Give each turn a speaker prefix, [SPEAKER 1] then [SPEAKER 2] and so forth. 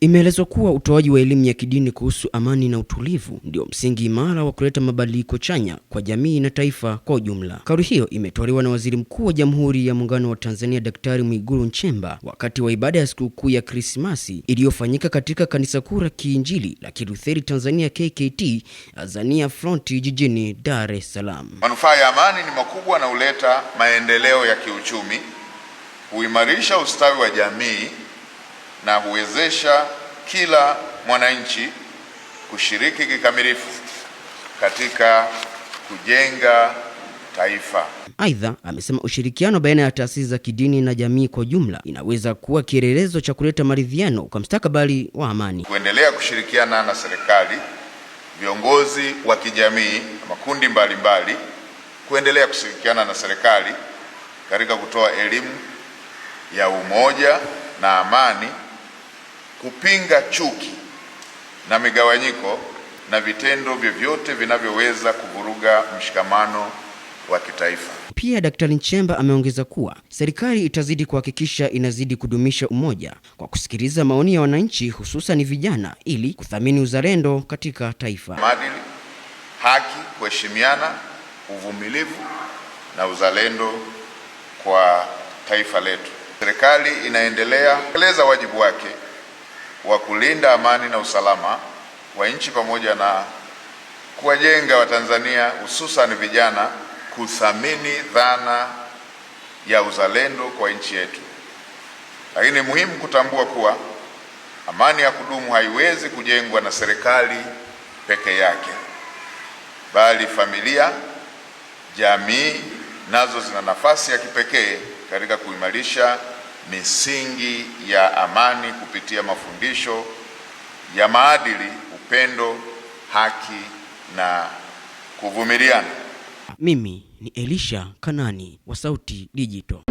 [SPEAKER 1] Imeelezwa kuwa utoaji wa elimu ya kidini kuhusu amani na utulivu ndio msingi imara wa kuleta mabadiliko chanya kwa jamii na taifa kwa ujumla. Kauli hiyo imetolewa na Waziri Mkuu wa Jamhuri ya Muungano wa Tanzania Daktari Mwigulu Nchemba wakati wa ibada ya sikukuu ya Krismasi iliyofanyika katika Kanisa Kuu la Kiinjili la Kilutheri Tanzania KKT Azania Fronti jijini Dar es Salaam.
[SPEAKER 2] Manufaa ya amani ni makubwa na huleta maendeleo ya kiuchumi, huimarisha ustawi wa jamii na huwezesha kila mwananchi kushiriki kikamilifu katika kujenga taifa.
[SPEAKER 1] Aidha, amesema ushirikiano baina ya taasisi za kidini na jamii kwa jumla inaweza kuwa kielelezo cha kuleta maridhiano kwa mustakabali wa amani.
[SPEAKER 2] Kuendelea kushirikiana na serikali, viongozi wa kijamii na makundi mbalimbali mbali, kuendelea kushirikiana na serikali katika kutoa elimu ya umoja na amani kupinga chuki na migawanyiko na vitendo vyovyote vinavyoweza kuvuruga mshikamano wa kitaifa.
[SPEAKER 1] Pia Daktari Nchemba ameongeza kuwa serikali itazidi kuhakikisha inazidi kudumisha umoja kwa kusikiliza maoni ya wananchi, hususan vijana, ili kuthamini uzalendo katika taifa.
[SPEAKER 2] Maadili, haki, kuheshimiana, uvumilivu na uzalendo kwa taifa letu. Serikali inaendelea kutekeleza wajibu wake wa kulinda amani na usalama wa nchi pamoja na kuwajenga Watanzania hususan vijana kuthamini dhana ya uzalendo kwa nchi yetu. Lakini muhimu kutambua kuwa amani ya kudumu haiwezi kujengwa na serikali peke yake, bali familia, jamii nazo zina nafasi ya kipekee katika kuimarisha misingi ya amani kupitia mafundisho ya maadili, upendo, haki na kuvumiliana.
[SPEAKER 1] Mimi ni Elisha Kanani wa Sauti Digital.